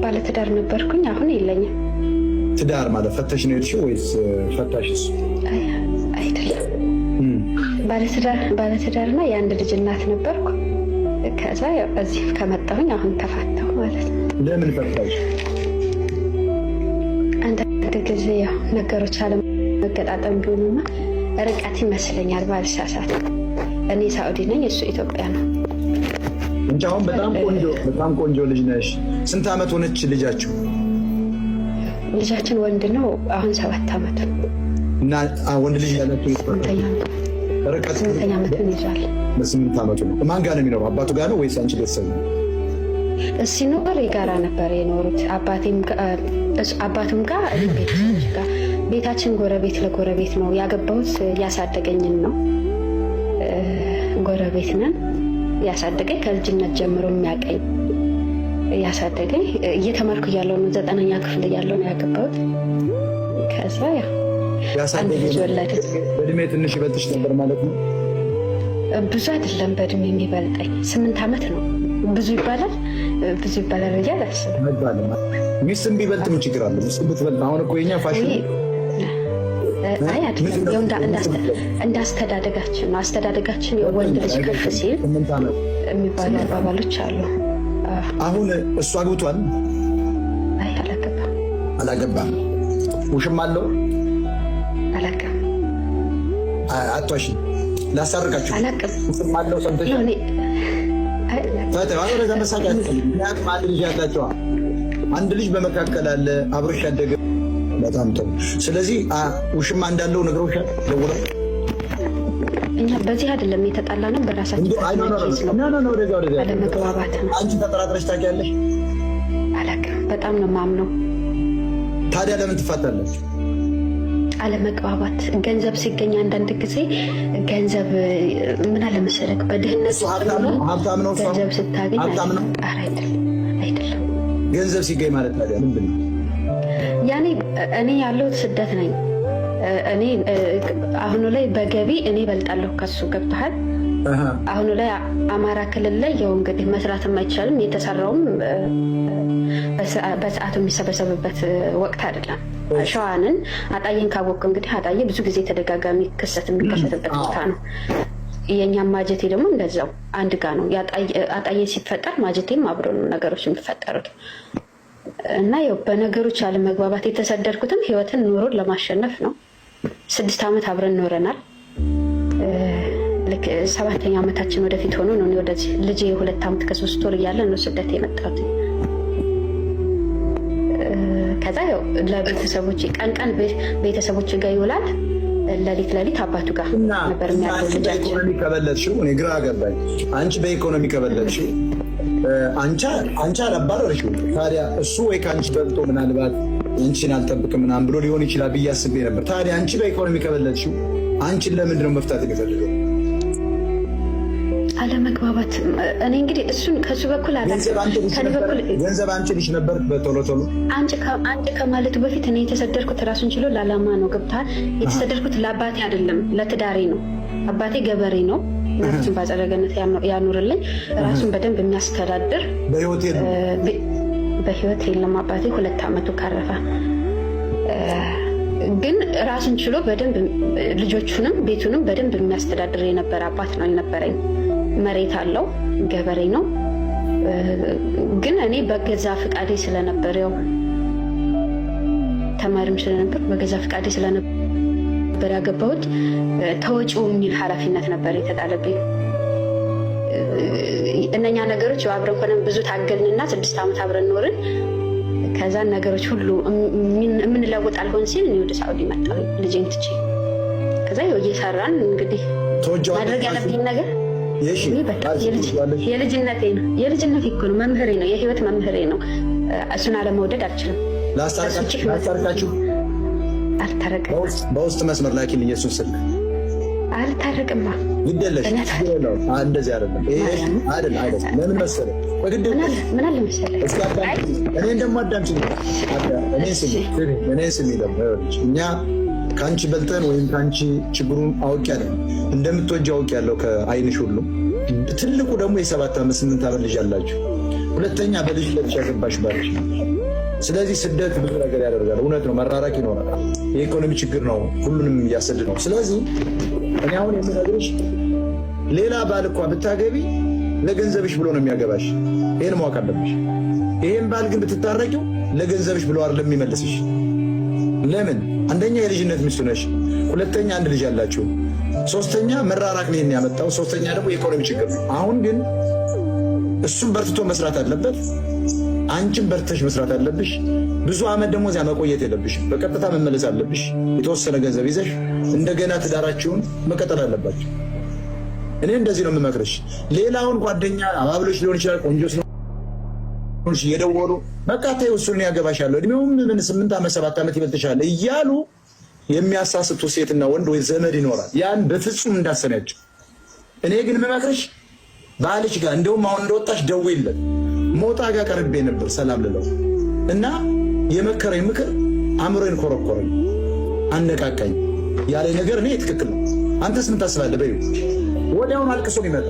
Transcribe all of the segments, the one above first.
ባለትዳር ነበርኩኝ፣ አሁን የለኝም። ትዳር ማለት ፈተሽ ነው የሄድሽው ወይስ ፈታሽስ? አይደለም። ባለትዳርና የአንድ ልጅ እናት ነበርኩ። ከዛ እዚህ ከመጣሁኝ አሁን ተፋተው ማለት ነው። ለምን ፈታሽ? አንዳንድ ጊዜ ያው ነገሮች አለመገጣጠም ቢሆኑና ርቀት ይመስለኛል ባልሳሳት። እኔ ሳኡዲ ነኝ፣ እሱ ኢትዮጵያ ነው። እንጂ አሁን በጣም ቆንጆ በጣም ቆንጆ ልጅ ነሽ። ስንት ዓመት ሆነች ልጃችሁ? ልጃችን ወንድ ነው። አሁን ሰባት ዓመት እና ወንድ ልጅ ያለችው ርቀት በስምንት ዓመቱ ነው። ማን ጋር ነው የሚኖረው? አባቱ ጋር ነው ወይስ አንቺ ቤተሰብ ነው? ሲኖር የጋራ ነበር የኖሩት አባትም ጋር ቤተሰቦች ጋር። ቤታችን ጎረቤት ለጎረቤት ነው። ያገባሁት ያሳደገኝን ነው። ጎረቤት ነን። ያሳደገኝ ከልጅነት ጀምሮ የሚያቀኝ ያሳደገኝ እየተማርኩ እያለሁ ነው። ዘጠነኛ ክፍል እያለሁ ነው ያገባሁት። ከዛ ያ በእድሜ ትንሽ ይበልጥሽ ነበር ማለት ነው? ብዙ አይደለም በእድሜ የሚበልጠኝ ስምንት ዓመት ነው። ብዙ ይባላል ብዙ ይባላል ብዬ አላስብም። ሚስት ቢበልጥ ምን ችግር አለ? ሚስት ብትበልጥ አሁን እኮ የኛ ፋሽን አይ እንዳስተዳደጋችን ነው። አስተዳደጋችን የወንድ ልጅ ከፍ ሲል የሚባሉ አባባሎች አሉ። አሁን እሱ አግብቷል? አይ አላገባም። አላገባም። አለው? አላቅም። አቷሽ ላሳርቃችሁ። አላቅም። አለው ሰምተሽ? አንድ ልጅ ያላቸዋ አንድ ልጅ በመካከል አለ አብሮሽ ያደገ በጣም ጥሩ። ስለዚህ ውሽማ እንዳለው ነግሮሻል ደውላ እኛ በዚህ አይደለም የተጣላ ነው፣ በራሳችን አለመግባባት ነው። አንቺ ተጠራጥረሽ ታውቂያለሽ? አላውቅም። በጣም ነው የማምነው። ታዲያ ለምን ትፋታለች? አለመግባባት ገንዘብ ሲገኝ አንዳንድ ጊዜ ገንዘብ ምን አለ በድህነት ገንዘብ ስታገኝ አይደለም ገንዘብ ሲገኝ ማለት ታዲያ ምንድን ነው ያኔ እኔ ያለሁት ስደት ነኝ። እኔ አሁኑ ላይ በገቢ እኔ እበልጣለሁ ከሱ ገብተሃል። አሁኑ ላይ አማራ ክልል ላይ ያው እንግዲህ መስራትም አይቻልም። የተሰራውም በሰዓቱ የሚሰበሰብበት ወቅት አይደለም። ሸዋንን አጣዬን ካወቅ እንግዲህ አጣዬ ብዙ ጊዜ ተደጋጋሚ ክሰት የሚከሰትበት ቦታ ነው። የእኛም ማጀቴ ደግሞ እንደዛው አንድ ጋ ነው። አጣዬ ሲፈጠር ማጀቴም አብሮ ነው ነገሮች የሚፈጠሩት። እና ያው በነገሮች አለመግባባት የተሰደድኩትም ህይወትን ኑሮን ለማሸነፍ ነው። ስድስት ዓመት አብረን ኖረናል። ልክ ሰባተኛ ዓመታችን ወደፊት ሆኖ ነው ወደዚህ ልጄ የሁለት ዓመት ከሶስት ወር እያለ ነው ስደት የመጣሁት። ከዛ ያው ለቤተሰቦች ቀን ቀን ቤተሰቦች ጋር ይውላል፣ ለሊት ለሊት አባቱ ጋር ነበር የሚያደው ልጃችን። እኔ ግራ ገባኝ። አንቺ በኢኮኖሚ ከበለጥሽው አንቺ አላባረርሽው። ታዲያ እሱ ወይ ከአንቺ በልጦ ምናልባት አንቺን አልጠብቅም ምናምን ብሎ ሊሆን ይችላል ብዬ አስቤ ነበር። ታዲያ አንቺ በኢኮኖሚ ከበለጥሽው አንቺን ለምንድን ነው መፍታት የሚፈልገው? አለመግባባት እኔ እንግዲህ እሱን ከሱ በኩል ገንዘብ አንቺ ልጅ ነበር በቶሎ ቶሎ አንቺ ከማለቱ በፊት እኔ የተሰደድኩት ራሱን ችሎ ለዓላማ ነው። ገብተሃል? የተሰደድኩት ለአባቴ አይደለም ለትዳሬ ነው። አባቴ ገበሬ ነው። እናታችን በአጸደ ገነት ያኑርልኝ። ራሱን በደንብ የሚያስተዳድር በህይወት የለም አባቴ ሁለት ዓመቱ ካረፈ ግን ራሱን ችሎ በደንብ ልጆቹንም ቤቱንም በደንብ የሚያስተዳድር የነበረ አባት ነው የነበረኝ። መሬት አለው፣ ገበሬ ነው። ግን እኔ በገዛ ፍቃዴ ስለነበር ያው ተማሪም ስለነበር በገዛ ፍቃዴ ስለነበር ነበር ያገባሁት። ተወጪው የሚል ኃላፊነት ነበር የተጣለብኝ። እነኛ ነገሮች አብረን ኮነን ብዙ ታገልንና ስድስት ዓመት አብረን ኖርን። ከዛን ነገሮች ሁሉ የምንለውጥ አልሆን ሲል እኔ ወደ ሳዑዲ መጣሁ ልጄን ትቼ። ከዛ እየሰራን እንግዲህ ማድረግ ያለብኝ ነገር የልጅነቴ ነው። የልጅነቴ እኮ ነው መምህሬ ነው፣ የህይወት መምህሬ ነው። እሱን አለመውደድ አልችልም። ላስታርቃችሁ አልታረቅም። በውስጥ መስመር ላኪን ኢየሱስ ስል አልታረቅማ ግደለሽ እንደዚህ አይደለም አይደል አይደል። ለምን መሰለህ ምን ደግሞ አዳምጪኝ፣ እኔን ስሚ ደግሞ እኛ ከአንቺ በልጠን ወይም ከአንቺ ችግሩን አውቄያለሁ፣ እንደምትወጂው አውቄያለሁ ከአይንሽ ሁሉ። ትልቁ ደግሞ የሰባት ዓመት ስምንት ዓመት ልጅ አላችሁ። ሁለተኛ በልጅ ለብሽ ያገባሽ ባለሽ ስለዚህ ስደት ብዙ ነገር ያደርጋል። እውነት ነው። መራራቅ ይኖራል። የኢኮኖሚ ችግር ነው፣ ሁሉንም እያሰድ ነው። ስለዚህ እኔ አሁን የምነግርሽ ሌላ ባል እኳ ብታገቢ ለገንዘብሽ ብሎ ነው የሚያገባሽ። ይህን ማወቅ አለብሽ። ይህን ባል ግን ብትታረቂው ለገንዘብሽ ብሎ አይደለም የሚመልስሽ። ለምን? አንደኛ የልጅነት ሚስቱ ነሽ፣ ሁለተኛ አንድ ልጅ አላችሁ፣ ሶስተኛ መራራቅ ነው ያመጣው፣ ሶስተኛ ደግሞ የኢኮኖሚ ችግር ነው። አሁን ግን እሱም በርትቶ መስራት አለበት። አንቺም በርተሽ መስራት አለብሽ። ብዙ ዓመት ደግሞ እዚያ መቆየት የለብሽ፣ በቀጥታ መመለስ አለብሽ። የተወሰነ ገንዘብ ይዘሽ እንደገና ትዳራችሁን መቀጠል አለባቸው። እኔ እንደዚህ ነው የምመክርሽ። ሌላውን ጓደኛ አባብሎች ሊሆን ይችላል ቆንጆ ስለሆንሽ እየደወሉ በቃ ተይው እሱን ያገባሻለሁ እድሜውም ምን ስምንት ዓመት ሰባት ዓመት ይበልጥሻል እያሉ የሚያሳስቱ ሴትና ወንድ ወይ ዘመድ ይኖራል። ያን በፍጹም እንዳሰናቸው። እኔ ግን የምመክርሽ ባልሽ ጋር እንደውም አሁን እንደወጣሽ ደውይለት። ሞጣ ጋር ቀርቤ ነበር ሰላም ልለው እና የመከረኝ ምክር አእምሮን ኮረኮረኝ፣ አነቃቃኝ። ያለ ነገር እኔ ትክክል ነው፣ አንተስ ምን ታስባለህ በይው። ወዲያውን አልቅሶ ይመጣ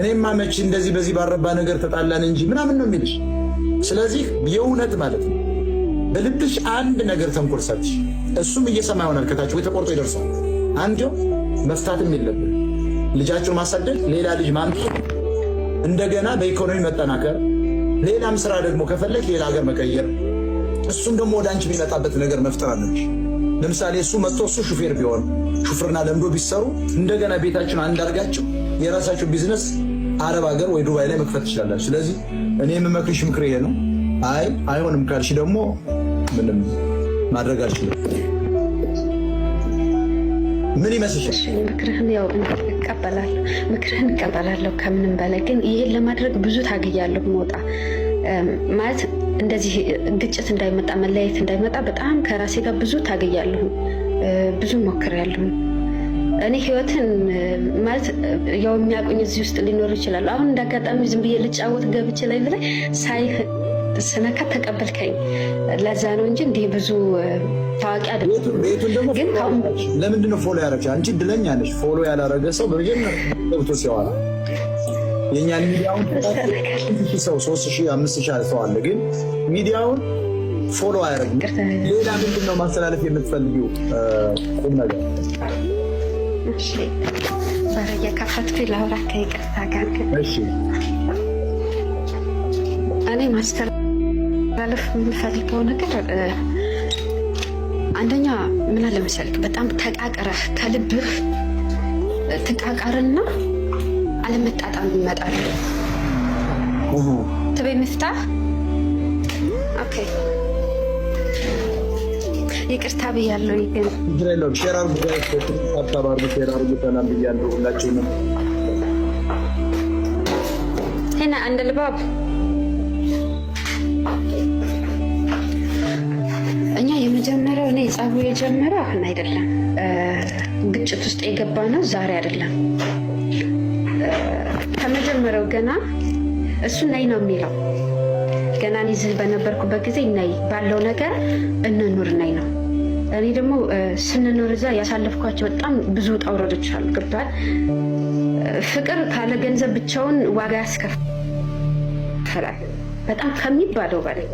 እኔማ መቼ እንደዚህ በዚህ ባረባ ነገር ተጣላን እንጂ ምናምን ነው የሚልሽ። ስለዚህ የእውነት ማለት ነው በልብሽ አንድ ነገር ተንኮል ሰርተሽ እሱም እየሰማ ይሆናል ከታች ወይ ተቆርጦ ይደርሳል። አንድ መፍታትም የለብን ልጃችሁን ማሳደግ፣ ሌላ ልጅ ማምጣት፣ እንደገና በኢኮኖሚ መጠናከር፣ ሌላም ስራ ደግሞ ከፈለግ ሌላ ሀገር መቀየር፣ እሱም ደግሞ ወደ አንቺ የሚመጣበት ነገር መፍጠር አለች። ለምሳሌ እሱ መጥቶ እሱ ሹፌር ቢሆን ሹፍርና ለምዶ ቢሰሩ እንደገና ቤታችን አንድ አድርጋችሁ የራሳችሁ ቢዝነስ አረብ ሀገር ወይ ዱባይ ላይ መክፈት ትችላላችሁ። ስለዚህ እኔ የምመክርሽ ምክር ይሄ ነው። አይ አይሆንም ካልሽ ደግሞ ምንም ማድረግ አልችልም። ምን ይመስልሻል? እቀበላለሁ፣ ምክርህን እቀበላለሁ። ከምንም በላይ ግን ይህን ለማድረግ ብዙ ታግያለሁ። መውጣ ማለት እንደዚህ ግጭት እንዳይመጣ መለያየት እንዳይመጣ በጣም ከራሴ ጋር ብዙ ታግያለሁ፣ ብዙ ሞክሬያለሁ። እኔ ህይወትን ማለት ያው የሚያቆኝ እዚህ ውስጥ ሊኖሩ ይችላሉ። አሁን እንዳጋጣሚ ዝም ብዬ ልጫወት ገብቼ ላይ ብላይ ሳይህ ስነካት ተቀበልከኝ። ለዛ ነው እንጂ እንዲህ ብዙ ታዋቂ አይደለም። ግን ለምንድን ነው ፎሎ ያደረግሽ? አንቺ እድለኛ ነሽ። ፎሎ ያላረገ ሰው በመጀመሪያ ገብቶ ሲያወራ የእኛን ሚዲያውን ሰው ሶስት ሺህ አምስት ሺህ ሰው ግን ሚዲያውን ፎሎ አያደርግም። ሌላ ምንድን ነው ማስተላለፍ የምትፈልጊው ቁም ነገር? የከፈትኩ ላውራ ከይቅርታ ጋር ግን እኔ ማስተላለፍ የምፈልገው ነገር አንደኛ ምን አለ መሰልክ በጣም ተቃቅረህ ከልብህ ትቃቃርና አለመጣጣም ይመጣል። ትቤ ኦኬ ይቅርታ ብያለሁ። ግን ሄና አንድ ልባብ ጸቡ የጀመረ አሁን አይደለም። ግጭት ውስጥ የገባ ነው ዛሬ አይደለም። ከመጀመሪያው ገና እሱ ነይ ነው የሚለው ገና ይዝህ በነበርኩበት ጊዜ ነይ ባለው ነገር እንኑር ነይ ነው። እኔ ደግሞ ስንኖር እዛ ያሳለፍኳቸው በጣም ብዙ ውጣ ውረዶች አሉ። ገብቷል። ፍቅር ካለ ገንዘብ ብቻውን ዋጋ ያስከፍላል፣ በጣም ከሚባለው በላይ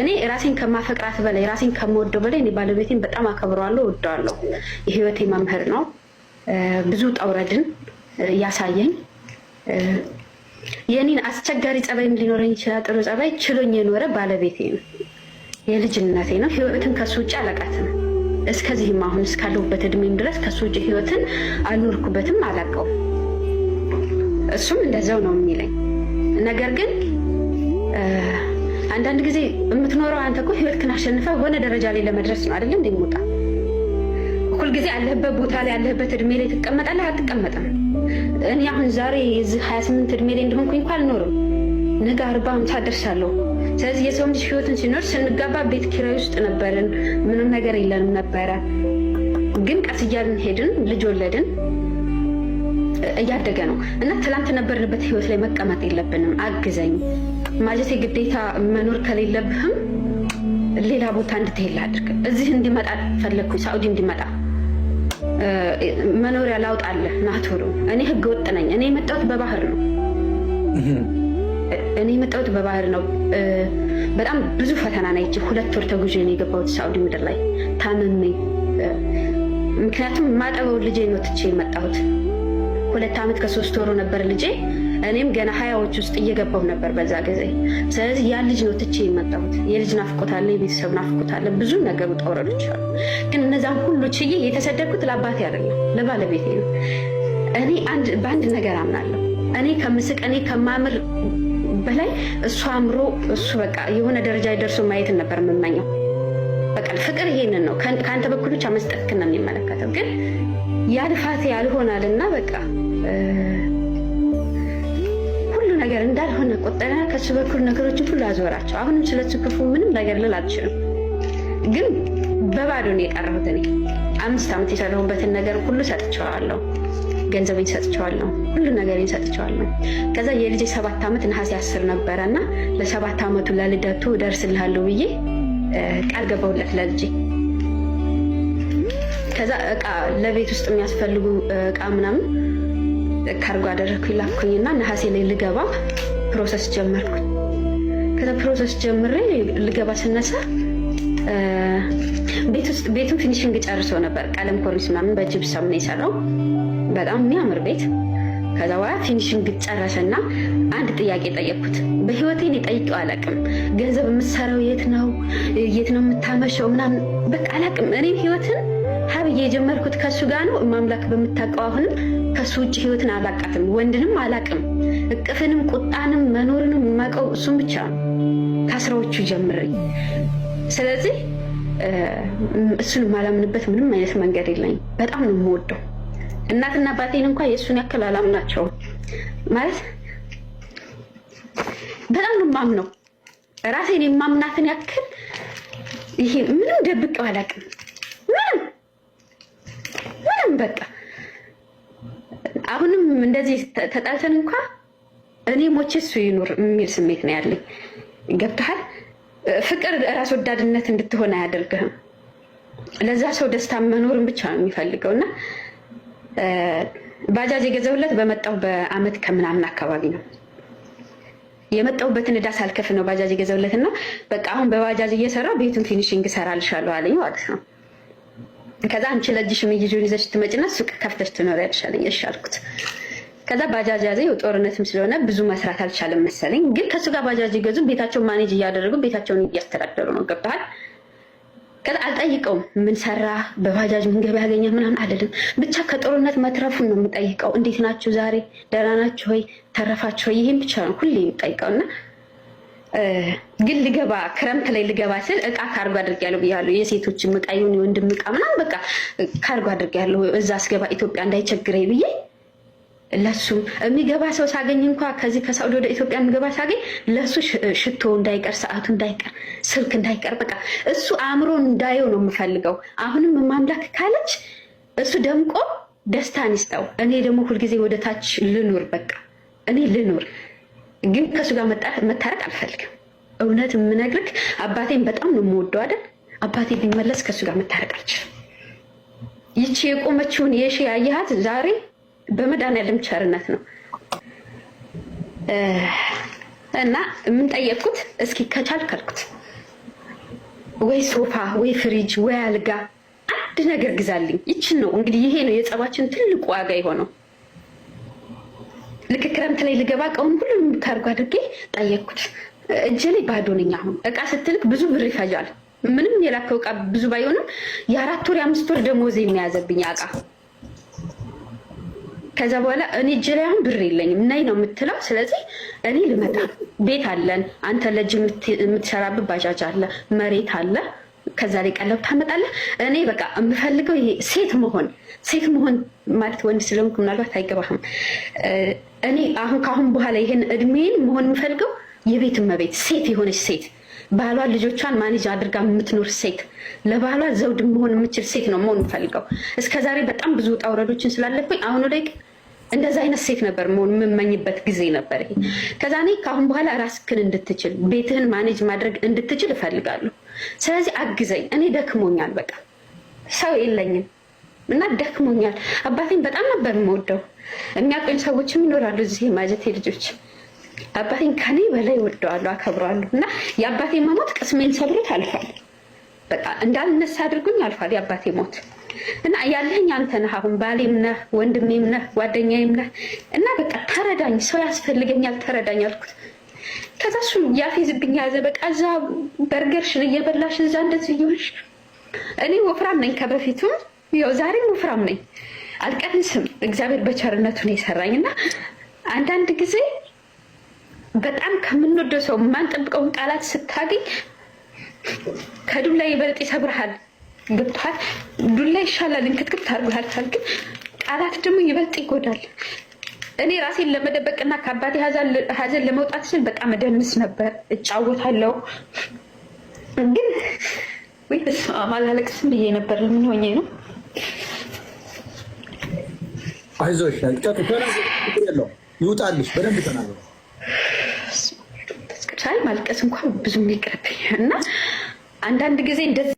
እኔ ራሴን ከማፈቅራት በላይ ራሴን ከምወደው በላይ እኔ ባለቤቴን በጣም አከብረዋለሁ፣ ወደዋለሁ። የህይወቴ መምህር ነው። ብዙ ጠውረድን ያሳየኝ የኔን አስቸጋሪ ጸባይም ሊኖረኝ ይችላል። ጥሩ ጸባይ ችሎኝ የኖረ ባለቤቴ ነው። የልጅነቴ ነው። ህይወትን ከሱ ውጭ አላውቃትም። እስከዚህም አሁን እስካለሁበት እድሜም ድረስ ከሱ ውጭ ህይወትን አልኖርኩበትም፣ አላውቀውም። እሱም እንደዛው ነው የሚለኝ ነገር ግን አንዳንድ ጊዜ የምትኖረው አንተ እኮ ህይወትክን አሸንፈ ሆነ ደረጃ ላይ ለመድረስ ነው አይደለ? እንደሚወጣ ሁልጊዜ አለህበት ቦታ ላይ አለህበት እድሜ ላይ ትቀመጣለህ አትቀመጥም። እኔ አሁን ዛሬ የዚህ 28 እድሜ ላይ እንደሆንኩኝ እንኳ አልኖርም፣ ነገ አርባ አምሳ ደርሳለሁ። ስለዚህ የሰው ልጅ ህይወትን ሲኖር ስንጋባ ቤት ኪራይ ውስጥ ነበርን፣ ምንም ነገር የለንም ነበረ። ግን ቀስ እያልን ሄድን፣ ልጅ ወለድን፣ እያደገ ነው እና ትላንት ነበርንበት ህይወት ላይ መቀመጥ የለብንም። አግዘኝ ማለት የግዴታ መኖር ከሌለብህም ሌላ ቦታ እንድትሄድ ላድርግ። እዚህ እንዲመጣ ፈለግኩ፣ ሳዑዲ እንዲመጣ መኖሪያ ላውጣለህ ናቱሩ እኔ ህገ ወጥ ነኝ። እኔ የመጣሁት በባህር ነው። እኔ የመጣሁት በባህር ነው። በጣም ብዙ ፈተና ነች። ሁለት ወር ተጉዤ ነው የገባሁት ሳዑዲ ምድር ላይ ታምሜ። ምክንያቱም ማጠበው ልጄ ነው ትቼ የመጣሁት። ሁለት ዓመት ከሶስት ወሩ ነበር ልጄ እኔም ገና ሀያዎች ውስጥ እየገባው ነበር በዛ ጊዜ። ስለዚህ ያ ልጅ ነው ትቼ የመጣሁት። የልጅ ናፍቆታለ፣ የቤተሰብ ናፍቆታለ፣ ብዙ ነገር ውጣ ውረዶች አሉ። ግን እነዛም ሁሉ ችዬ የተሰደድኩት ለአባቴ አይደለም ለባለቤቴ ነው። እኔ በአንድ ነገር አምናለሁ። እኔ ከምስቅ እኔ ከማምር በላይ እሱ አምሮ እሱ በቃ የሆነ ደረጃ ደርሶ ማየትን ነበር የምመኘው። በቃ ፍቅር ይሄንን ነው ከአንተ በኩል ብቻ መስጠትክን ነው የሚመለከተው። ግን ያ ያልፋቴ ያልሆናልና በቃ ነገር እንዳልሆነ ቆጠረ። ከሱ በኩል ነገሮችን ሁሉ አዞራቸው። አሁንም ስለሱ ክፉ ምንም ነገር ልል አልችልም፣ ግን በባዶ ነው የቀረሁት እኔ አምስት ዓመት የሰራሁበትን ነገር ሁሉ ሰጥቸዋለሁ። ገንዘብኝ ሰጥቸዋለሁ፣ ሁሉ ነገርኝ ሰጥቸዋለሁ። ከዛ የልጅ ሰባት ዓመት ነሐሴ አስር ነበረ እና ለሰባት ዓመቱ ለልደቱ እደርስልሃለሁ ብዬ ቃል ገባሁለት ለልጅ ከዛ እቃ ለቤት ውስጥ የሚያስፈልጉ እቃ ምናምን ካርጎ አደረግኩኝ ላኩኝና ነሐሴ ላይ ልገባ ፕሮሰስ ጀመርኩኝ። ከዛ ፕሮሰስ ጀምሬ ልገባ ስነሳ ቤቱን ፊኒሽንግ ጨርሶ ነበር። ቀለም ኮርኒስ ምናምን በጅብሰም ነው የሰራው በጣም የሚያምር ቤት። ከዛ በኋላ ፊኒሽንግ ጨረሰና አንድ ጥያቄ ጠየቅኩት። በህይወቴ እኔ ጠይቄው አላውቅም። ገንዘብ የምትሰራው የት ነው የት ነው የምታመሸው ምናምን በቃ አላውቅም እኔም ህይወትን ሀብዬ የጀመርኩት ከሱ ጋር ነው። ማምላክ በምታውቀው አሁንም ከሱ ውጭ ህይወትን አላቃትም፣ ወንድንም አላቅም፣ እቅፍንም ቁጣንም መኖርንም የማውቀው እሱም ብቻ ነው ከስራዎቹ ጀምሬ። ስለዚህ እሱን የማላምንበት ምንም አይነት መንገድ የለኝም። በጣም ነው የምወደው። እናትና አባቴን እንኳ የእሱን ያክል አላምናቸው ማለት በጣም ነው የማምነው ራሴን የማምናትን ያክል ይሄ ምንም ደብቄው አላውቅም። አልተጣላንም። በቃ አሁንም እንደዚህ ተጣልተን እንኳ እኔ ሞቼ እሱ ይኑር የሚል ስሜት ነው ያለኝ። ገብተሃል? ፍቅር ራስ ወዳድነት እንድትሆን አያደርግህም። ለዛ ሰው ደስታ መኖርን ብቻ ነው የሚፈልገው እና ባጃጅ የገዛሁለት በመጣው በአመት ከምናምን አካባቢ ነው የመጣሁበትን እዳ ሳልከፍ ነው ባጃጅ የገዛሁለት እና በቃ አሁን በባጃጅ እየሰራ ቤቱን ፊኒሽንግ እሰራልሻለሁ አለኝ ማለት ነው። ከዛ አንቺ ለእጅሽ የሚይዙን ይዘሽ ትመጭና ሱቅ ከፍተሽ ትኖሪያለሽ ያልሻለኝ እሺ አልኩት። ከዛ ባጃጅ ያዘ። ይኸው ጦርነትም ስለሆነ ብዙ መስራት አልቻለም መሰለኝ። ግን ከሱ ጋር ባጃጅ ይገዙ፣ ቤታቸውን ማኔጅ እያደረጉ ቤታቸውን እያስተዳደሩ ነው። ገብተሃል? ከዛ አልጠይቀውም። ምን ሰራ በባጃጅ ምን ገበያ ምናምን አለልም። ብቻ ከጦርነት መትረፉን ነው የምጠይቀው። እንዴት ናችሁ ዛሬ ደህና ናችሁ ወይ? ተረፋችሁ ሆይ? ይህን ብቻ ነው ሁሌ የምጠይቀውና ግን ልገባ ክረምት ላይ ልገባ ስል እቃ ካርጎ አድርጌያለሁ ብያለሁ። የሴቶች እቃ ይሁን የወንድም እቃ ምናምን በቃ ካርጎ አድርጌያለሁ። እዛ ስገባ ኢትዮጵያ እንዳይቸግረኝ ብዬ ለሱ የሚገባ ሰው ሳገኝ እንኳ ከዚህ ከሳውዲ ወደ ኢትዮጵያ የሚገባ ሳገኝ ለሱ ሽቶ እንዳይቀር፣ ሰዓቱ እንዳይቀር፣ ስልክ እንዳይቀር በቃ እሱ አእምሮ እንዳየው ነው የምፈልገው። አሁንም ማምላክ ካለች እሱ ደምቆ ደስታን ይስጠው። እኔ ደግሞ ሁልጊዜ ወደ ታች ልኑር፣ በቃ እኔ ልኑር። ግን ከእሱ ጋር መታረቅ አልፈልግም። እውነት የምነግርህ አባቴን በጣም ነው የምወደው አይደል? አባቴ ቢመለስ ከእሱ ጋር መታረቅ አልችልም። ይቺ የቆመችውን የሺ ያየሃት ዛሬ በመድኃኒዓለም ቸርነት ነው እና የምንጠየቅኩት እስኪ ከቻል አልኩት ወይ ሶፋ ወይ ፍሪጅ ወይ አልጋ አንድ ነገር ግዛልኝ። ይችን ነው እንግዲህ ይሄ ነው የጸባችን ትልቁ ዋጋ የሆነው። ልክ ክረምት ላይ ልገባ ቀውን ሁሉም ካርጎ አድርጌ ጠየቅኩት። እጄ ላይ ባዶ ነኝ። አሁን እቃ ስትልክ ብዙ ብር ይፈጃል። ምንም የላከው እቃ ብዙ ባይሆንም የአራት ወር የአምስት ወር ደሞዝ የሚያዘብኝ እቃ ከዛ በኋላ እኔ እጄ ላይ አሁን ብር የለኝም፣ ነይ ነው የምትለው። ስለዚህ እኔ ልመጣ ቤት አለን፣ አንተ ለእጅ የምትሰራብህ ባጃጅ አለ፣ መሬት አለ ከዛ ላይ ቀለብ ታመጣለህ። እኔ በቃ የምፈልገው ይሄ ሴት መሆን ሴት መሆን ማለት ወንድ ስለሆንኩ ምናልባት አይገባህም። እኔ አሁን ከአሁን በኋላ ይሄን እድሜን መሆን የምፈልገው የቤት እመቤት ሴት የሆነች ሴት ባሏ ልጆቿን ማኔጅ አድርጋ የምትኖር ሴት ለባሏ ዘውድ መሆን የምችል ሴት ነው መሆን የምፈልገው። እስከዛሬ በጣም ብዙ ውጣ ውረዶችን ስላለብኝ አሁኑ ላይ እንደዚ አይነት ሴት ነበር መሆን የምመኝበት ጊዜ ነበር ይሄ። ከዛ እኔ ከአሁን በኋላ ራስክን እንድትችል ቤትህን ማኔጅ ማድረግ እንድትችል እፈልጋለሁ። ስለዚህ አግዘኝ፣ እኔ ደክሞኛል፣ በቃ ሰው የለኝም እና ደክሞኛል። አባቴን በጣም ነበር የምወደው። የሚያውቁኝ ሰዎችም ይኖራሉ እዚህ ማጀቴ ልጆች አባቴን ከኔ በላይ ወደዋሉ፣ አከብረዋሉ። እና የአባቴ መሞት ቅስሜን ሰብሮት አልፏል። በቃ እንዳልነሳ አድርጎኝ አልፏል የአባቴ ሞት እና ያለኝ አንተ ነህ። አሁን ባሌም ነህ፣ ወንድሜም ነህ፣ ጓደኛዬም ነህ እና በቃ ተረዳኝ፣ ሰው ያስፈልገኛል፣ ተረዳኝ አልኩት። ከዛ እሱ ያፌዝብኝ ያዘ። በቃ እዛ በርገርሽን እየበላሽ እዛ እንደዚህ እየሆንሽ እኔ ወፍራም ነኝ ከበፊቱ ያው ዛሬም ወፍራም ነኝ አልቀንስም። እግዚአብሔር በቸርነቱ ነው የሰራኝ እና አንዳንድ ጊዜ በጣም ከምንወደው ሰው የማንጠብቀውን ቃላት ስታገኝ ከዱላ ይበልጥ ይሰብርሃል። ገብቶሃል? ዱላ ይሻላል እንክትክት አድርጎሃል ካልክ፣ ቃላት ደግሞ ይበልጥ ይጎዳል። እኔ ራሴን ለመደበቅና ከአባቴ ሀዘን ለመውጣት ስል በጣም እደንስ ነበር፣ እጫወታለሁ። ግን ወይ አላለቅስም ብዬ ነበር። ምን ሆኜ ነው? አይዞሽ ይውጣልሽ። በደንብ ተናገሩ። ማልቀስ እንኳን ብዙም ይቅርብኝ እና አንዳንድ ጊዜ እንደዚህ